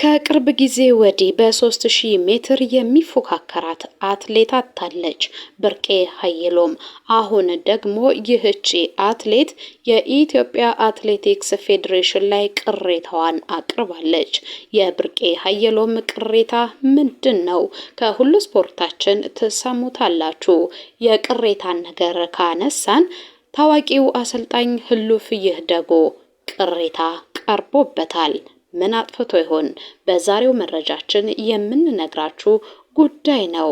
ከቅርብ ጊዜ ወዲህ በ3000 ሜትር የሚፎካከራት አትሌት አታለች ብርቄ ኃይሎም። አሁን ደግሞ ይህቺ አትሌት የኢትዮጵያ አትሌቲክስ ፌዴሬሽን ላይ ቅሬታዋን አቅርባለች። የብርቄ ኃይሎም ቅሬታ ምንድን ነው? ከሁሉ ስፖርታችን ትሰሙታላችሁ። የቅሬታን ነገር ካነሳን ታዋቂው አሰልጣኝ ህሉፍ ይህደጎ ቅሬታ ቀርቦበታል። ምን አጥፍቶ ይሆን? በዛሬው መረጃችን የምንነግራችሁ ጉዳይ ነው።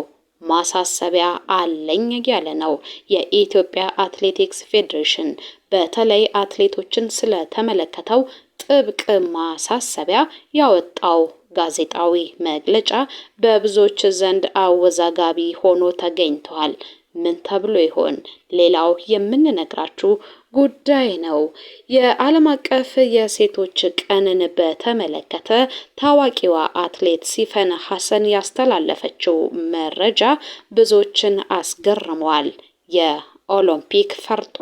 ማሳሰቢያ አለኝ ያለ ነው። የኢትዮጵያ አትሌቲክስ ፌዴሬሽን በተለይ አትሌቶችን ስለተመለከተው ጥብቅ ማሳሰቢያ ያወጣው ጋዜጣዊ መግለጫ በብዙዎች ዘንድ አወዛጋቢ ሆኖ ተገኝተዋል። ምን ተብሎ ይሆን? ሌላው የምንነግራችሁ ጉዳይ ነው። የዓለም አቀፍ የሴቶች ቀንን በተመለከተ ታዋቂዋ አትሌት ሲፈን ሐሰን ያስተላለፈችው መረጃ ብዙዎችን የ ኦሎምፒክ ፈርጧ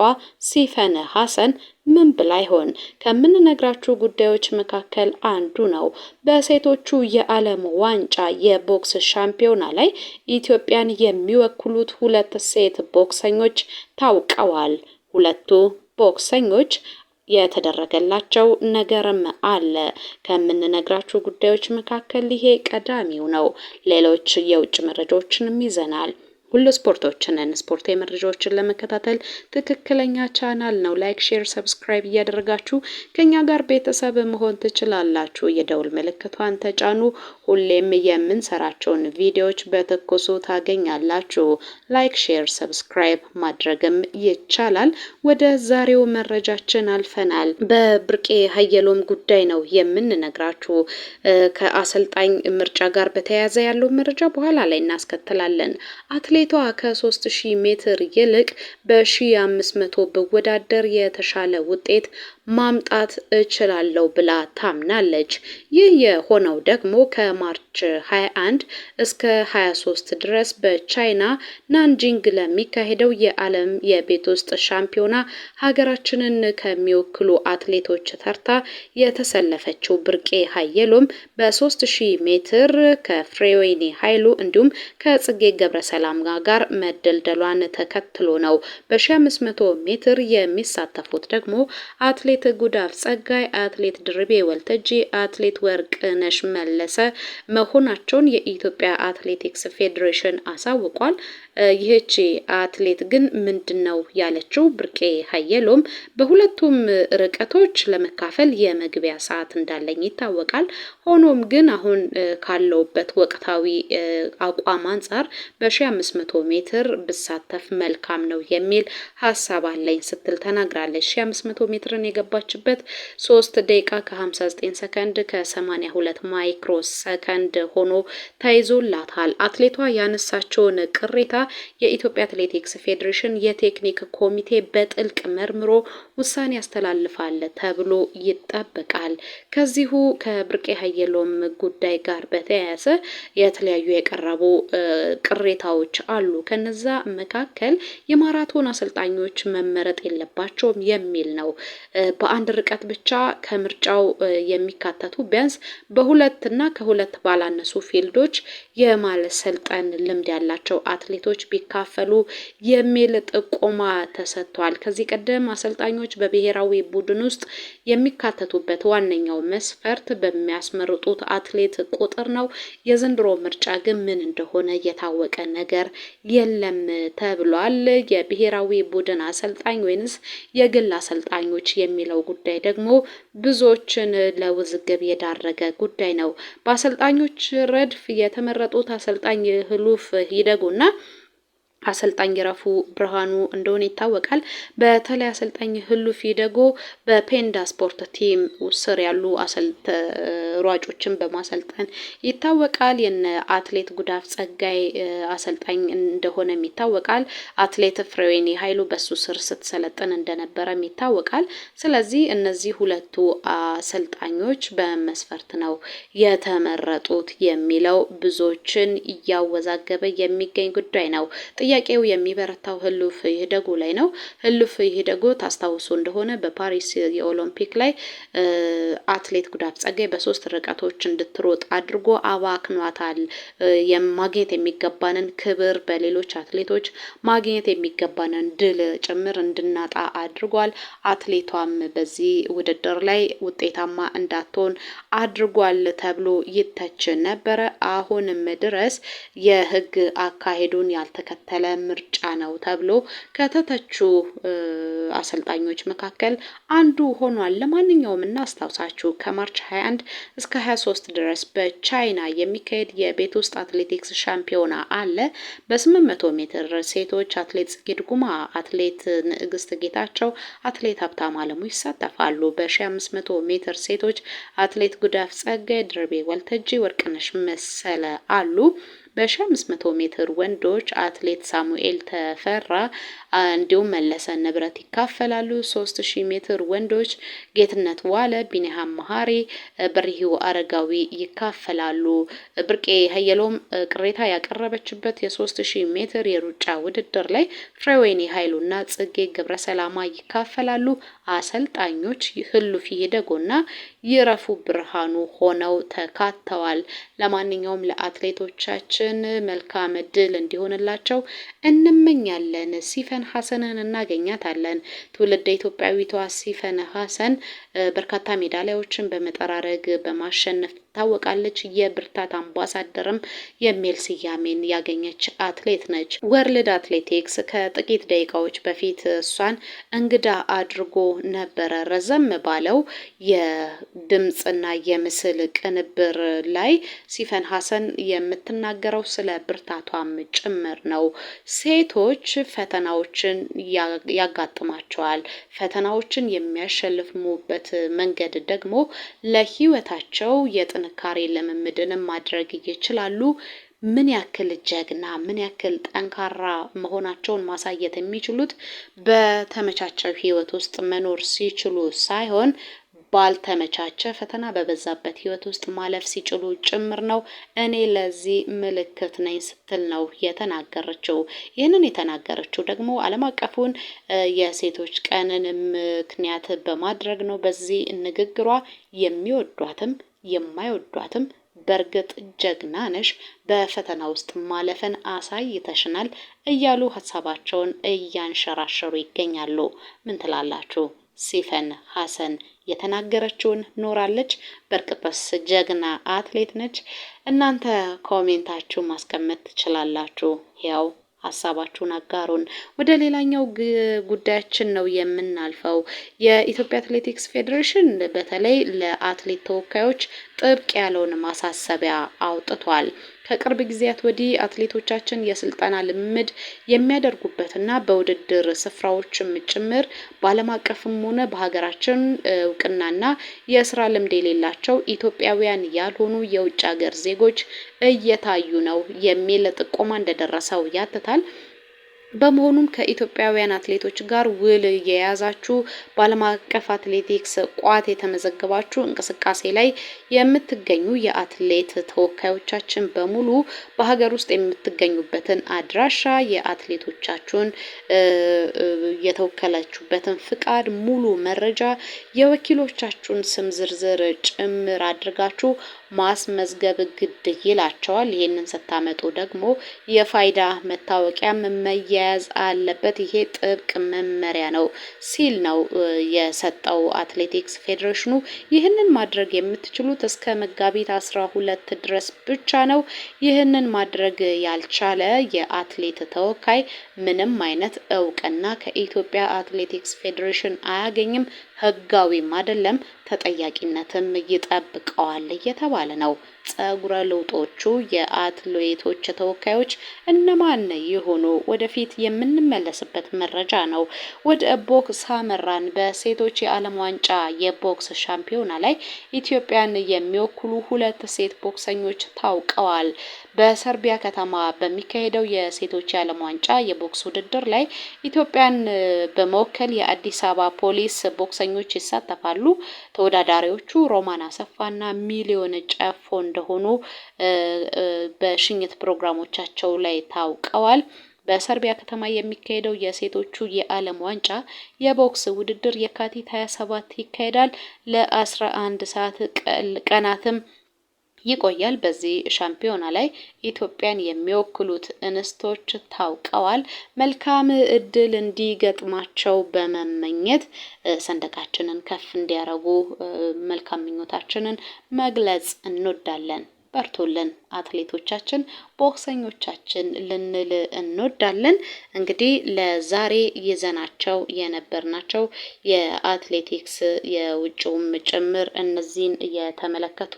ሲፈነ ሐሰን ምን ብላ ይሆን? ከምንነግራችሁ ጉዳዮች መካከል አንዱ ነው። በሴቶቹ የዓለም ዋንጫ የቦክስ ሻምፒዮና ላይ ኢትዮጵያን የሚወክሉት ሁለት ሴት ቦክሰኞች ታውቀዋል። ሁለቱ ቦክሰኞች የተደረገላቸው ነገርም አለ። ከምንነግራችሁ ጉዳዮች መካከል ይሄ ቀዳሚው ነው። ሌሎች የውጭ መረጃዎችንም ይዘናል። ሁሉ ስፖርቶችንን ስፖርታዊ መረጃዎችን ለመከታተል ትክክለኛ ቻናል ነው። ላይክ፣ ሼር፣ ሰብስክራይብ እያደረጋችሁ ከኛ ጋር ቤተሰብ መሆን ትችላላችሁ። የደውል ምልክቷን ተጫኑ። ሁሌም የምንሰራቸውን ቪዲዮዎች በትኩሱ ታገኛላችሁ። ላይክ፣ ሼር፣ ሰብስክራይብ ማድረግም ይቻላል። ወደ ዛሬው መረጃችን አልፈናል። በብርቄ ሀየሎም ጉዳይ ነው የምንነግራችሁ። ከአሰልጣኝ ምርጫ ጋር በተያያዘ ያለው መረጃ በኋላ ላይ እናስከትላለን። አትሌቷ ከ3000 ሜትር ይልቅ በ1500 ብወዳደር የተሻለ ውጤት ማምጣት እችላለሁ ብላ ታምናለች። ይህ የሆነው ደግሞ ከማርች 21 እስከ 23 ድረስ በቻይና ናንጂንግ ለሚካሄደው የዓለም የቤት ውስጥ ሻምፒዮና ሀገራችንን ከሚወክሉ አትሌቶች ተርታ የተሰለፈችው ብርቄ ሀየሎም በ3000 ሜትር ከፍሬወይኒ ኃይሉ እንዲሁም ከጽጌ ገብረሰላም ጋር መደልደሏን ተከትሎ ነው። በ1500 ሜትር የሚሳተፉት ደግሞ አትሌ አትሌት ጉዳፍ ጸጋይ፣ አትሌት ድርቤ ወልተጂ፣ አትሌት ወርቅነሽ መለሰ መሆናቸውን የኢትዮጵያ አትሌቲክስ ፌዴሬሽን አሳውቋል። ይህቺ አትሌት ግን ምንድን ነው ያለችው? ብርቄ ሀየሎም በሁለቱም ርቀቶች ለመካፈል የመግቢያ ሰዓት እንዳለኝ ይታወቃል። ሆኖም ግን አሁን ካለውበት ወቅታዊ አቋም አንጻር በ1500 ሜትር ብሳተፍ መልካም ነው የሚል ሀሳብ አለኝ ስትል ተናግራለች። 1500 ሜትርን የገባችበት 3 ደቂቃ ከ59 ሰከንድ ከ82 ማይክሮ ሰከንድ ሆኖ ተይዞላታል። አትሌቷ ያነሳቸውን ቅሬታ የኢትዮጵያ አትሌቲክስ ፌዴሬሽን የቴክኒክ ኮሚቴ በጥልቅ መርምሮ ውሳኔ ያስተላልፋል ተብሎ ይጠበቃል። ከዚሁ ከብርቄ ሀየሎም ጉዳይ ጋር በተያያዘ የተለያዩ የቀረቡ ቅሬታዎች አሉ። ከነዛ መካከል የማራቶን አሰልጣኞች መመረጥ የለባቸውም የሚል ነው። በአንድ ርቀት ብቻ ከምርጫው የሚካተቱ ቢያንስ በሁለትና ከሁለት ባላነሱ ፊልዶች የማሰልጠን ልምድ ያላቸው አትሌቶች ቢካፈሉ የሚል ጥቆማ ተሰጥቷል። ከዚህ ቀደም አሰልጣኞች በብሔራዊ ቡድን ውስጥ የሚካተቱበት ዋነኛው መስፈርት በሚያስመርጡት አትሌት ቁጥር ነው። የዘንድሮ ምርጫ ግን ምን እንደሆነ የታወቀ ነገር የለም ተብሏል። የብሔራዊ ቡድን አሰልጣኝ ወይንስ የግል አሰልጣኞች የሚለው ጉዳይ ደግሞ ብዙዎችን ለውዝግብ የዳረገ ጉዳይ ነው። በአሰልጣኞች ረድፍ የተመረ የተመረጡት አሰልጣኝ ህሉፍ ይደጉና አሰልጣኝ ይረፉ ብርሃኑ እንደሆነ ይታወቃል። በተለይ አሰልጣኝ ህሉፊ ደጎ በፔንዳ ስፖርት ቲም ስር ያሉ ሯጮችን በማሰልጠን ይታወቃል። የነ አትሌት ጉዳፍ ጸጋይ አሰልጣኝ እንደሆነም ይታወቃል። አትሌት ፍሬዌኒ ኃይሉ በሱ ስር ስትሰለጥን እንደነበረም ይታወቃል። ስለዚህ እነዚህ ሁለቱ አሰልጣኞች በመስፈርት ነው የተመረጡት የሚለው ብዙዎችን እያወዛገበ የሚገኝ ጉዳይ ነው። ጥያቄው የሚበረታው ህልፍ ይህደጉ ላይ ነው። ህልፍ ይህደጉ ታስታውሱ እንደሆነ በፓሪስ የኦሎምፒክ ላይ አትሌት ጉዳፍ ጸጋይ በሶስት ርቀቶች እንድትሮጥ አድርጎ አባክኗታል። ማግኘት የሚገባንን ክብር በሌሎች አትሌቶች ማግኘት የሚገባንን ድል ጭምር እንድናጣ አድርጓል። አትሌቷም በዚህ ውድድር ላይ ውጤታማ እንዳትሆን አድርጓል ተብሎ ይተች ነበረ። አሁንም ድረስ የህግ አካሄዱን ያልተከተለ ያለ ምርጫ ነው ተብሎ ከተተቹ አሰልጣኞች መካከል አንዱ ሆኗል። ለማንኛውም እናስታውሳችሁ ከማርች 21 እስከ 23 ድረስ በቻይና የሚካሄድ የቤት ውስጥ አትሌቲክስ ሻምፒዮና አለ። በ800 ሜትር ሴቶች አትሌት ጽጌ ድጉማ፣ አትሌት ንዕግስት ጌታቸው፣ አትሌት ሀብታም አለሙ ይሳተፋሉ። በ1500 ሜትር ሴቶች አትሌት ጉዳፍ ጸጋይ፣ ድርቤ ወልተጂ፣ ወርቅነሽ መሰለ አሉ። በ1500 ሜትር ወንዶች አትሌት ሳሙኤል ተፈራ እንዲሁም መለሰ ንብረት ይካፈላሉ። 3000 ሜትር ወንዶች ጌትነት ዋለ፣ ቢኒሃም መሀሪ፣ በሪሂው አረጋዊ ይካፈላሉ። ብርቄ ሀየሎም ቅሬታ ያቀረበችበት የ3000 ሜትር የሩጫ ውድድር ላይ ፍሬወይኒ ኃይሉና ጽጌ ሰላማ ይካፈላሉ። አሰልጣኞች ህሉፊ ሂደጎና ይረፉ ብርሃኑ ሆነው ተካተዋል። ለማንኛውም ለአትሌቶቻችን ልጆቻችን መልካም እድል እንዲሆንላቸው እንመኛለን። ሲፈን ሀሰንን እናገኛታለን። ትውልደ ኢትዮጵያዊቷ ሲፈን ሀሰን በርካታ ሜዳሊያዎችን በመጠራረግ በማሸነፍ ትታወቃለች። የብርታት አምባሳደርም የሚል ስያሜን ያገኘች አትሌት ነች። ወርልድ አትሌቲክስ ከጥቂት ደቂቃዎች በፊት እሷን እንግዳ አድርጎ ነበረ። ረዘም ባለው የድምፅና የምስል ቅንብር ላይ ሲፈን ሀሰን የምትናገረው ስለ ብርታቷም ጭምር ነው። ሴቶች ፈተናዎችን ያጋጥማቸዋል። ፈተናዎችን የሚያሸልፍሙበት መንገድ ደግሞ ለህይወታቸው የጥ ጥንካሬ ልምምድንም ማድረግ ይችላሉ። ምን ያክል ጀግና ምን ያክል ጠንካራ መሆናቸውን ማሳየት የሚችሉት በተመቻቸው ህይወት ውስጥ መኖር ሲችሉ ሳይሆን ባልተመቻቸ ፈተና በበዛበት ህይወት ውስጥ ማለፍ ሲችሉ ጭምር ነው። እኔ ለዚህ ምልክት ነኝ ስትል ነው የተናገረችው። ይህንን የተናገረችው ደግሞ ዓለም አቀፉን የሴቶች ቀንን ምክንያት በማድረግ ነው። በዚህ ንግግሯ የሚወዷትም የማይወዷትም በእርግጥ ጀግና ነሽ፣ በፈተና ውስጥ ማለፍን አሳይተሽናል እያሉ ሀሳባቸውን እያንሸራሸሩ ይገኛሉ። ምን ትላላችሁ? ሲፈን ሀሰን የተናገረችውን ኖራለች። በርቅበስ ጀግና አትሌት ነች። እናንተ ኮሜንታችሁ ማስቀመጥ ትችላላችሁ። ያው ሀሳባችሁን አጋሩን። ወደ ሌላኛው ጉዳያችን ነው የምናልፈው። የኢትዮጵያ አትሌቲክስ ፌዴሬሽን በተለይ ለአትሌት ተወካዮች ጥብቅ ያለውን ማሳሰቢያ አውጥቷል። ከቅርብ ጊዜያት ወዲህ አትሌቶቻችን የስልጠና ልምምድ የሚያደርጉበትና በውድድር ስፍራዎችም ጭምር በዓለም አቀፍም ሆነ በሀገራችን እውቅናና የስራ ልምድ የሌላቸው ኢትዮጵያውያን ያልሆኑ የውጭ ሀገር ዜጎች እየታዩ ነው የሚል ጥቆማ እንደደረሰው ያትታል። በመሆኑም ከኢትዮጵያውያን አትሌቶች ጋር ውል የያዛችሁ በዓለም አቀፍ አትሌቲክስ ቋት የተመዘገባችሁ እንቅስቃሴ ላይ የምትገኙ የአትሌት ተወካዮቻችን በሙሉ በሀገር ውስጥ የምትገኙበትን አድራሻ፣ የአትሌቶቻችሁን የተወከላችሁበትን ፍቃድ፣ ሙሉ መረጃ፣ የወኪሎቻችሁን ስም ዝርዝር ጭምር አድርጋችሁ ማስመዝገብ ግድ ይላቸዋል። ይህንን ስታመጡ ደግሞ የፋይዳ መታወቂያ መያያዝ አለበት። ይሄ ጥብቅ መመሪያ ነው ሲል ነው የሰጠው አትሌቲክስ ፌዴሬሽኑ። ይህንን ማድረግ የምትችሉት እስከ መጋቢት አስራ ሁለት ድረስ ብቻ ነው። ይህንን ማድረግ ያልቻለ የአትሌት ተወካይ ምንም አይነት እውቅና ከኢትዮጵያ አትሌቲክስ ፌዴሬሽን አያገኝም፣ ህጋዊም አይደለም፣ ተጠያቂነትም ይጠብቀዋል እየተባለ እየተባለ ነው። ጸጉረ ልውጦቹ የአትሌቶች ተወካዮች እነማን ይሆኑ? ወደፊት የምንመለስበት መረጃ ነው። ወደ ቦክስ አመራን። በሴቶች የዓለም ዋንጫ የቦክስ ሻምፒዮና ላይ ኢትዮጵያን የሚወክሉ ሁለት ሴት ቦክሰኞች ታውቀዋል። በሰርቢያ ከተማ በሚካሄደው የሴቶች የዓለም ዋንጫ የቦክስ ውድድር ላይ ኢትዮጵያን በመወከል የአዲስ አበባ ፖሊስ ቦክሰኞች ይሳተፋሉ። ተወዳዳሪዎቹ ሮማን አሰፋና ሚሊዮን ጨፎ እንደሆኑ በሽኝት ፕሮግራሞቻቸው ላይ ታውቀዋል። በሰርቢያ ከተማ የሚካሄደው የሴቶቹ የዓለም ዋንጫ የቦክስ ውድድር የካቲት 27 ይካሄዳል። ለ11 ሰዓት ቀናትም ይቆያል። በዚህ ሻምፒዮና ላይ ኢትዮጵያን የሚወክሉት እንስቶች ታውቀዋል። መልካም እድል እንዲገጥማቸው በመመኘት ሰንደቃችንን ከፍ እንዲያረጉ መልካም ምኞታችንን መግለጽ እንወዳለን። በርቶልን አትሌቶቻችን፣ ቦክሰኞቻችን ልንል እንወዳለን። እንግዲህ ለዛሬ ይዘናቸው የነበርናቸው የአትሌቲክስ የውጭውም ጭምር እነዚህን እየተመለከቱ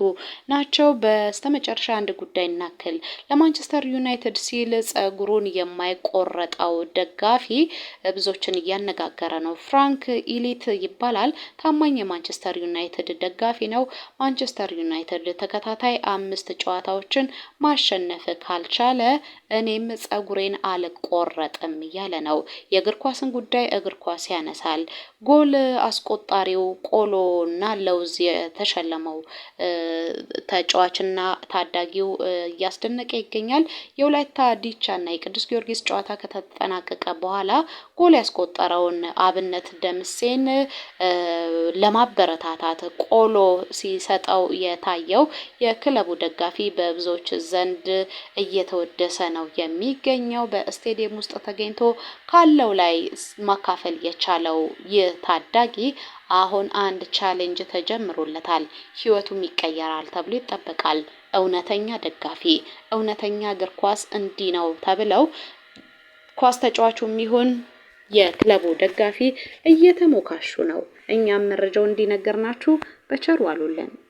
ናቸው። በስተመጨረሻ አንድ ጉዳይ እናክል። ለማንቸስተር ዩናይትድ ሲል ጸጉሩን የማይቆረጠው ደጋፊ ብዙዎችን እያነጋገረ ነው። ፍራንክ ኢሊት ይባላል። ታማኝ የማንቸስተር ዩናይትድ ደጋፊ ነው። ማንቸስተር ዩናይትድ ተከታታይ አምስት ሶስት ጨዋታዎችን ማሸነፍ ካልቻለ እኔም ጸጉሬን አልቆረጥም እያለ ነው። የእግር ኳስን ጉዳይ እግር ኳስ ያነሳል። ጎል አስቆጣሪው ቆሎና ለውዝ የተሸለመው ተጫዋችና ታዳጊው እያስደነቀ ይገኛል። የወላይታ ዲቻና የቅዱስ ጊዮርጊስ ጨዋታ ከተጠናቀቀ በኋላ ጎል ያስቆጠረውን አብነት ደምሴን ለማበረታታት ቆሎ ሲሰጠው የታየው የክለቡ ደግ ደጋፊ በብዙዎች ዘንድ እየተወደሰ ነው የሚገኘው። በስቴዲየም ውስጥ ተገኝቶ ካለው ላይ ማካፈል የቻለው ይህ ታዳጊ አሁን አንድ ቻሌንጅ ተጀምሮለታል። ህይወቱም ይቀየራል ተብሎ ይጠበቃል። እውነተኛ ደጋፊ፣ እውነተኛ እግር ኳስ እንዲህ ነው ተብለው ኳስ ተጫዋቹም ይሁን የክለቡ ደጋፊ እየተሞካሹ ነው። እኛም መረጃው እንዲነገርናችሁ በቸሩ አሉልን።